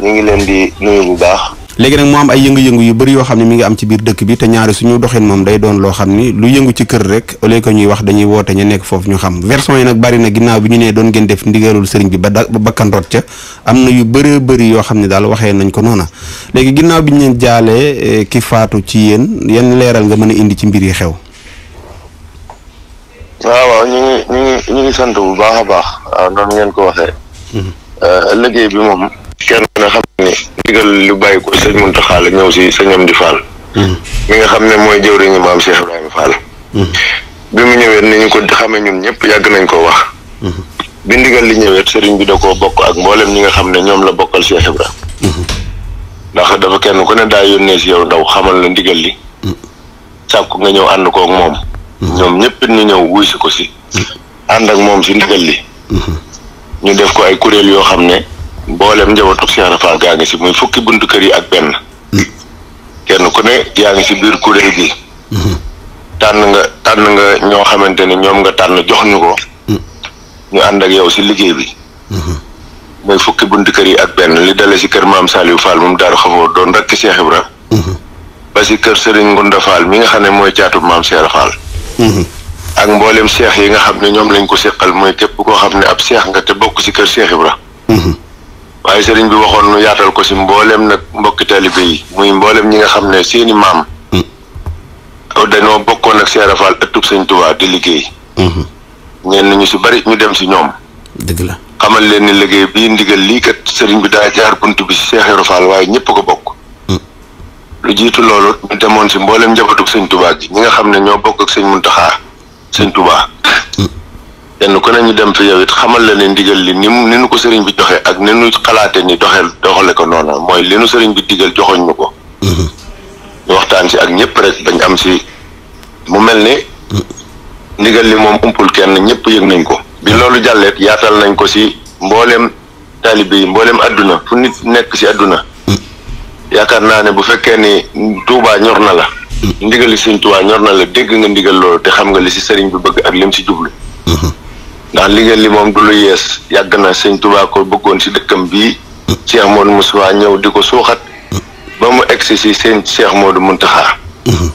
ñu ngi leen di nuyu bu baax. léegi nag moo am ay yëngu-yëngu yu bëri yoo xam ne mi ngi am ci biir dëkk bi te ñaari suñu doxin moom day doon loo xam ni lu yëngu ci kër rek au lieu que ñuy wax dañuy woote ñu nekk foofu ñu xam version yi nag bari na ginnaaw bi ñu nee doon ngeen def ndigalul sëriñ bi ba da ba bakkandoot ca am na yu bëree bëri yoo xam ne daal waxee nañ ko noona léegi ginnaaw bi ñu leen jaalee eh, ki faatu ci yéen yenn leeral nga mën a indi ci mbir yi xew. waaw waaw ñu ngi ñu ngi sant bu baax a baax waaw noonu ko waxee. Mm-hmm. Euh, liggéey bi moom kenn na xam ne ndigal lu bàyyi ko sëñ Muntaxa la ñëw si sëñam di Fall hmm. mi nga xam ne mooy jëwriñu maam Cheikh Ibrahima Fall hmm. bi mu ñëwee ni ñu ko xamee ñun ñëpp yàgg nañ koo wax hmm. bi ndigal li ñëwee sëriñ bi da koo bokk ak mboolem ñi nga xam ne ñoom la bokkal Cheikh Ibrahima ndax dafa kenn ku ne daa yónnee si yow ndaw xamal la ndigal li sàkku nga ñëw ànd kook moom ñoom ñëpp ñu ñëw wuy si ko si ànd ak moom si ndigal li ñu def ko ay kuréel yoo xam ne mboolem njabootu Cheikh Ibra Fall gaa ngi si muy fukki buntu kër yi ak benn mm. kenn ku ne yaa ngi ci biir kuréel gi mm-hmm. tànn nga tànn nga ñoo xamante ni ñoom nga tànn jox ñu ko mm. ñu ànd ak yow si liggéey bi mooy mm-hmm. fukki buntu kër yi ak benn li dale si kër maam Saliou Fall moom daaru xafoo doon rakk Cheikh Ibra mm-hmm. ba si kër Serigne Ngunda Fall mi nga xam ne mooy jaatu maam Cheikh Fall ak mbooleem seex yi nga xam ne ñoom lañ ko seqal mooy képp koo xam ne ab seex nga te bokk ci kër Seex Ibra mm-hmm. waaye sëriñ bi waxoon nu yaatal ko ci mbooleem nag mbokki taalibe yi muy mbooleem ñi nga xam ne seeni maam mm-hmm. dañoo bokkoon ak Seera Faal Sëñ Tuubaa di liggéey mm-hmm. ñenn ñu bari ñu dem ci ñoom xamal leen ni liggéey bii ndigal lii kat sëriñ bi daa jaar bunt bi ci Seex waaye ñépp ko bokk mm. lu jiitu loolu ñu demoon ci mboolem njabootu Sëñ Tuubaa gi ñi nga xam ne ñoo bokk ak Sëñ Muntaxaa sëñ Touba. kenn ku ne ñu dem fi yow it xamal la ne ndigal li ni ni nu ko sëriñ bi joxe ak ni nu xalaate ni doxel doxale ko noonu mooy li nu sëriñ bi digal joxoñ nu ko. ñu waxtaan si ak ñëpp rek bañ am si mu mel ni. ndigal li moom umpul kenn ñëpp yëg nañ ko. bi loolu jàlleet yaatal nañ ko si mbooleem taalibe yi mbooleem àdduna fu nit nekk ci àdduna. yaakaar naa ne bu fekkee ni Touba ñor na la. ndigal li sëñ Tuubaa ñor na la dégg nga ndigal loolu te xam nga li si sëriñ bi bëgg ak lim si jublu. Mhm. ndax liggéey li moom du lu yees yàgg na sëñ Tuubaa ko bëggoon si dëkkam bi Cheikh moo Moussa ñëw di ko suuxat. ba mu egsi si seen Cheikh Modou Muntaxa. Mhm.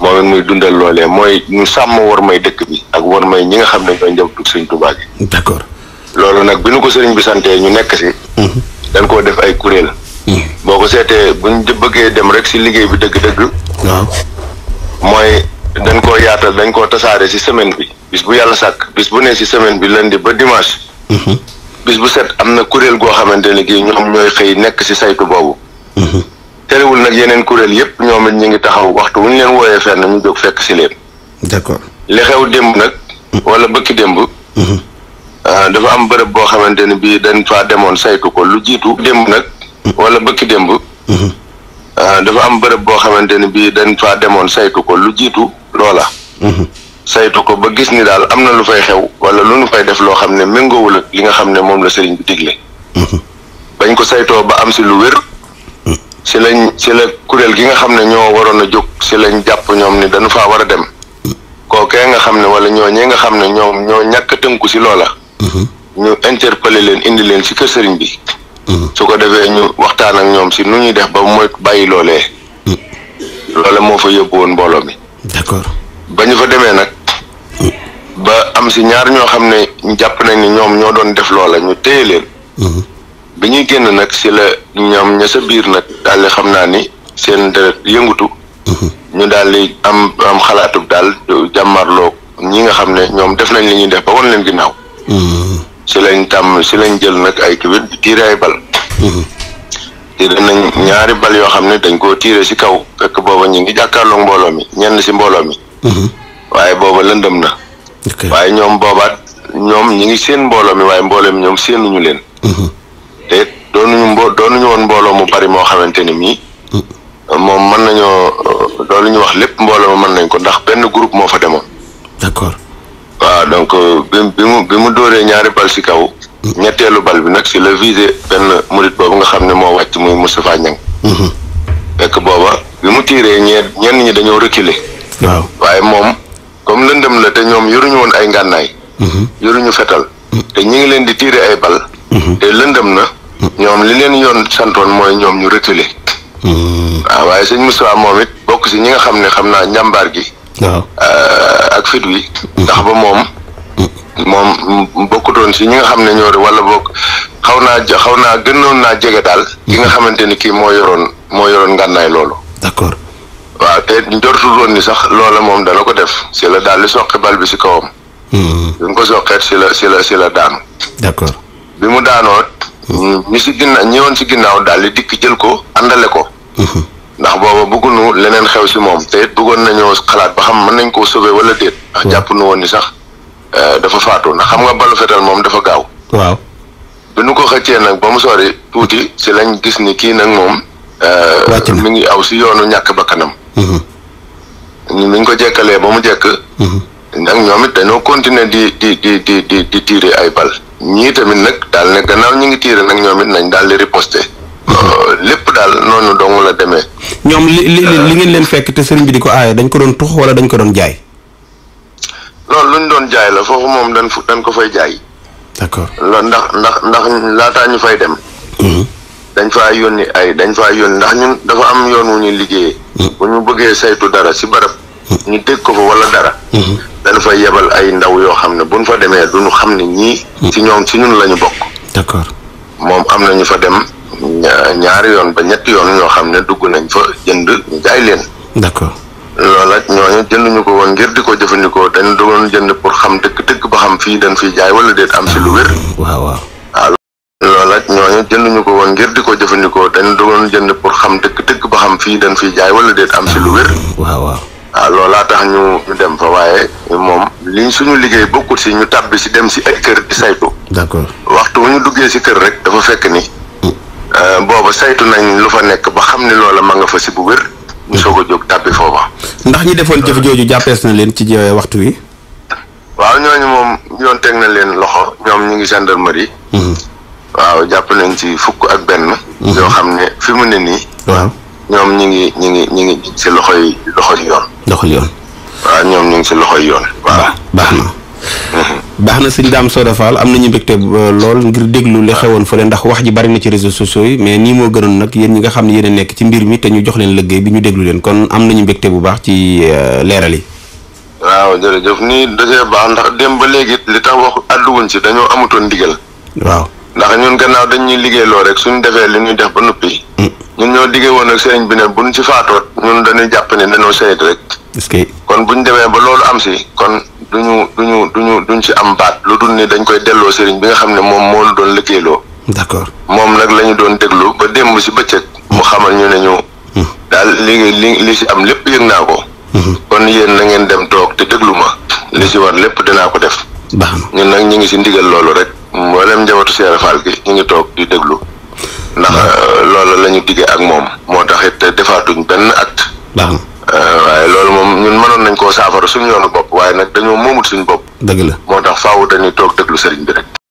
moom it muy dundal loolee mooy ñu sàmm war may dëkk bi ak war may ñi nga xam ne ñooy njabootu sëñ Tuubaa gi. d'accord loolu nag bi nu ko sëriñ bi santee ñu nekk si. Mhm. dañ koo def ay kuréel. boo ko seetee bu buñ bëggee dem rek si liggéey bi dëgg-dëgg. waaw mooy dañ koo yaatal dañ koo tasaare ci semaine bi bis bu yàlla sàkk bis bu ne ci semaine bi lundi ba dimanche mhm. bis bu set am na kuréel goo xamante ne gi ñoom ñooy xëy nekk ci saytu boobu mhm. terewul nag yeneen kuréel yépp ñoom ñu ngi taxaw waxtu wuñu leen wooyee fenn ñu jóg fekk ci leen d'accord li xew démb nag mhm. wala bëkki démb ah, dafa am bërëb boo xamante ne bii dañ faa demoon saytu ko lu jiitu démb nag wala bëkki démb Euh, dafa am bërëb boo xamante ni bii dañ faa demoon saytu ko lu jiitu loola. Mhm. saytu ko ba gis ni daal am na lu fay xew wala lu nu fay def loo xam ne méngoowul ak li nga xam ne moom la sëriñ bi digle. Mhm. bañ ko saytoo ba am si lu wér. Mhm. si lañ si la kuréel gi nga xam ne ñoo waroon a jóg si lañ jàpp ñoom ni dañu faa war a dem. kookee nga xam ne wala ñoo ñee nga xam ne ñoom ñoo ñàkk tënku si loola. ñu interpeller leen indi leen si kër sëriñ bi. su ko defee ñu waxtaan ak ñoom si nu ñuy def ba mooy bàyyi loolee. loole moo fa yóbbu woon mbooloo mi. d'accord ba ñu fa demee nag. ba am si ñaar ñoo xam ne jàpp nañ ni ñoom ñoo doon def loola ñu téye leen. bi ñuy génn nag si la ñoom ña biir nag daal di xam naa ni seen deret yëngutu. ñu daal di am am xalaatub daal jàmmarloo ñi nga xam ne ñoom def nañ li ñuy def ba wan leen naaw si lañ tàmm si lañ jël nag ay kiwit di tiire ay bal mhm. tiire nañ ñaari bal yoo xam ne dañ koo tiire si kaw fekk booba ñu ngi jàkkaarloog mbooloo mi ñenn si mbooloo mi mhm. waaye booba lëndëm na waaye ñoom boobaat ñoom ñi ngi seen mbooloo mi waaye mbooloo mi ñoom seenuñu leen mhm. te doonuñu mbo doonuñu woon mbooloo mu bari moo xamante ni mii moom mën nañoo loolu ñu wax lépp mbooloo ma mën nañ ko ndax benn groupe moo fa demoon d'accord donc euh, bi bi mu bi mu dóoree ñaari bal si kaw. ñetteelu bal bi nag si la visé benn murit boobu nga xam ne moo wàcc muy Moustapha Niang. Mhm. fekk booba bi mu tiiree ñee ñenn ñi dañoo reculer. waaye moom comme lëndëm la te ñoom yoruñu woon ay ngànnaay. Mhm. yoruñu fetal. Mhm. te ñu ngi leen di tiire ay bal. te lëndëm na. ñoom li leen yoon santoon mooy ñoom ñu reculer. waaw waaye sëñ Moustapha moom it bokk si ñi nga xam ne xam naa njàmbaar gi. waaw euh, ak fit wi mm-hmm. ndax ba moom moom bokkutoon si ñi nga xam ne ñoor wala bokk xaw naa xaw naa gënoon naa jege daal ki nga mm-hmm. xamante ni kii moo yoroon moo yoroon ngànnaay loolu d'accord waaw te njortul woon ni sax loola moom dala ko def si la daal li soqi bal bi si kawam duñ mm-hmm. ko soqeet si la si la si la daanu d'accord bi mu daanoot ñi si ginnaaw ñi woon si ginnaaw daal di dikk jël ko àndale ko ndax booba bëgguñu leneen xew si moom te it bëggoon nañoo xalaat ba xam mën nañ koo sauver wala déet. ndax hmm. jàpp nu woon ni sax euh, dafa faatu ndax xam nga balu fetal moom dafa gaaw. waaw bi nu ko xëccee nag ba mu sori tuuti si lañ gis ni kii nag moom. Euh, mi ngi aw si yoonu ñàkk bakkanam. Hmm. ñun niñ ko jekkalee ba mu jekk. Hmm. ndax ñoom it dañoo continuer di di di di di di tiire ay bal. ñii tamit nag daal ne gannaaw ñu ngi tiire nag ñoom it nañ daal di riposter. Euh, lépp daal noonu dong la demee. ñoom li li li ngeen leen fekk te seen bi di ko aaye dañ ko doon tux wala dañ ko doon jaay. loolu lu ñu doon jaay la foofu moom dañ dañ ko fay jaay. ko la ndax ndax ndax laataa ñu fay dem. Mm-hmm. dañ faa yónni ay dañ faa yónni ndax ñun dafa am yoon wu ñuy liggéeyee. Mm-hmm. bu ñu bëggee saytu dara si barab. Mm-hmm. ñu dégg ko fa wala dara. dañ fay yebal ay ndaw yoo xam ne buñ fa demee duñu xam ne ñii. ci ñoom ci ñun lañu bokk. d'accord moom am na ñu fa dem. ñaari yoon ba ñetti yoon ñoo xam ne dugg nañ fa jënd ñu jaay leen. d'accord loola ñooñu jënduñu ko woon ngir di ko jëfandikoo dañ doon jënd pour xam dëkk-dëkk ba xam fii dañ fiy jaay wala déet am si lu wér. waaw waaw waaw loola ko woon ngir di ko jëfandikoo dañ doon jënd pour xam dëkk-dëkk ba xam fii dañ fiy jaay wala déet am si lu wér. waaw tax ñu ñu dem fa waaye moom liñ suñu liggéey bokkut si ñu tàbbi si dem si ay kër di saytu. d'accord waxtu ñu duggee si kër rek dafa fekk ni. Euh, booba saytu nañ lu fa nekk ba xam ni loola ma nga fa si bu ñu soog a jóg tàbbi foofa. ndax ñi defoon jëf jooju jàppees na leen ci waxtu wi. waaw ñooñu moom yoon teg na leen loxo ñoom ñu ngi gendarmerie. Hmm. waaw jàpp nañ ci fukk ak benn. Hmm. yoo xam ne fi mu ne nii. ñu ngi ñu ngi ñu ngi si loxo yi loxo yoon. loxo yoon. waaw ñoom ñu ngi si loxo yoon. waaw baax na. Hmm. baax na sëñ Dame Soda Fall am nañu mbégte euh, lool ngir déglu li xewoon fële ndax wax ji bari na ci réseau sociaux yi mais nii moo gënoon nag yéen ñi nga xam ne yéen a nekk ci mbir mi te ñu jox leen liggéey bi ñu déglu leen kon am nañu mbégte bu baax ci euh, leeral yi. waaw jërëjëf nii dafee baax ndax dem ba léegi li tax wax àdduwuñ si dañoo amutoon ndigal. waaw ndax ñun gannaaw dañ ñuy liggéeyloo rek suñu defee li ñuy def ba noppi. Mm. ñun ñoo diggee woon ak sëriñ bi ne bu ñu ci faatoot ñun dañuy jàpp ne dañoo sayit rek. kon bu ñu demee ba loolu am si kon du duñu duñu duñ am baat lu dul ni dañ koy delloo sëriñ bi nga xam ne moom moo ñu doon liggéeyloo. d'accord moom nag la ñu doon déglu ba démb si bëccëg. mu hmm. xamal ñu ne ñu. Hmm. daal li li li si am lépp yëg naa ko. Hmm. kon yéen na ngeen dem toog te déglu ma. li si war lépp dinaa ko def. baax ñun nag ñu ngi si ndigal loolu rek. mboolem njabootu Seera Fall gi ñu ngi toog di déglu. ndax euh, loolu la ñu diggee ak moom moo tax it defaatuñ benn acte. Euh, waaye loolu moom ñun mënoon nañ koo saafara suñu yoonu bopp waaye nag dañoo moomut suñu bopp. dëgg la moo tax faawu dañuy toog déglu sëriñ bi rek.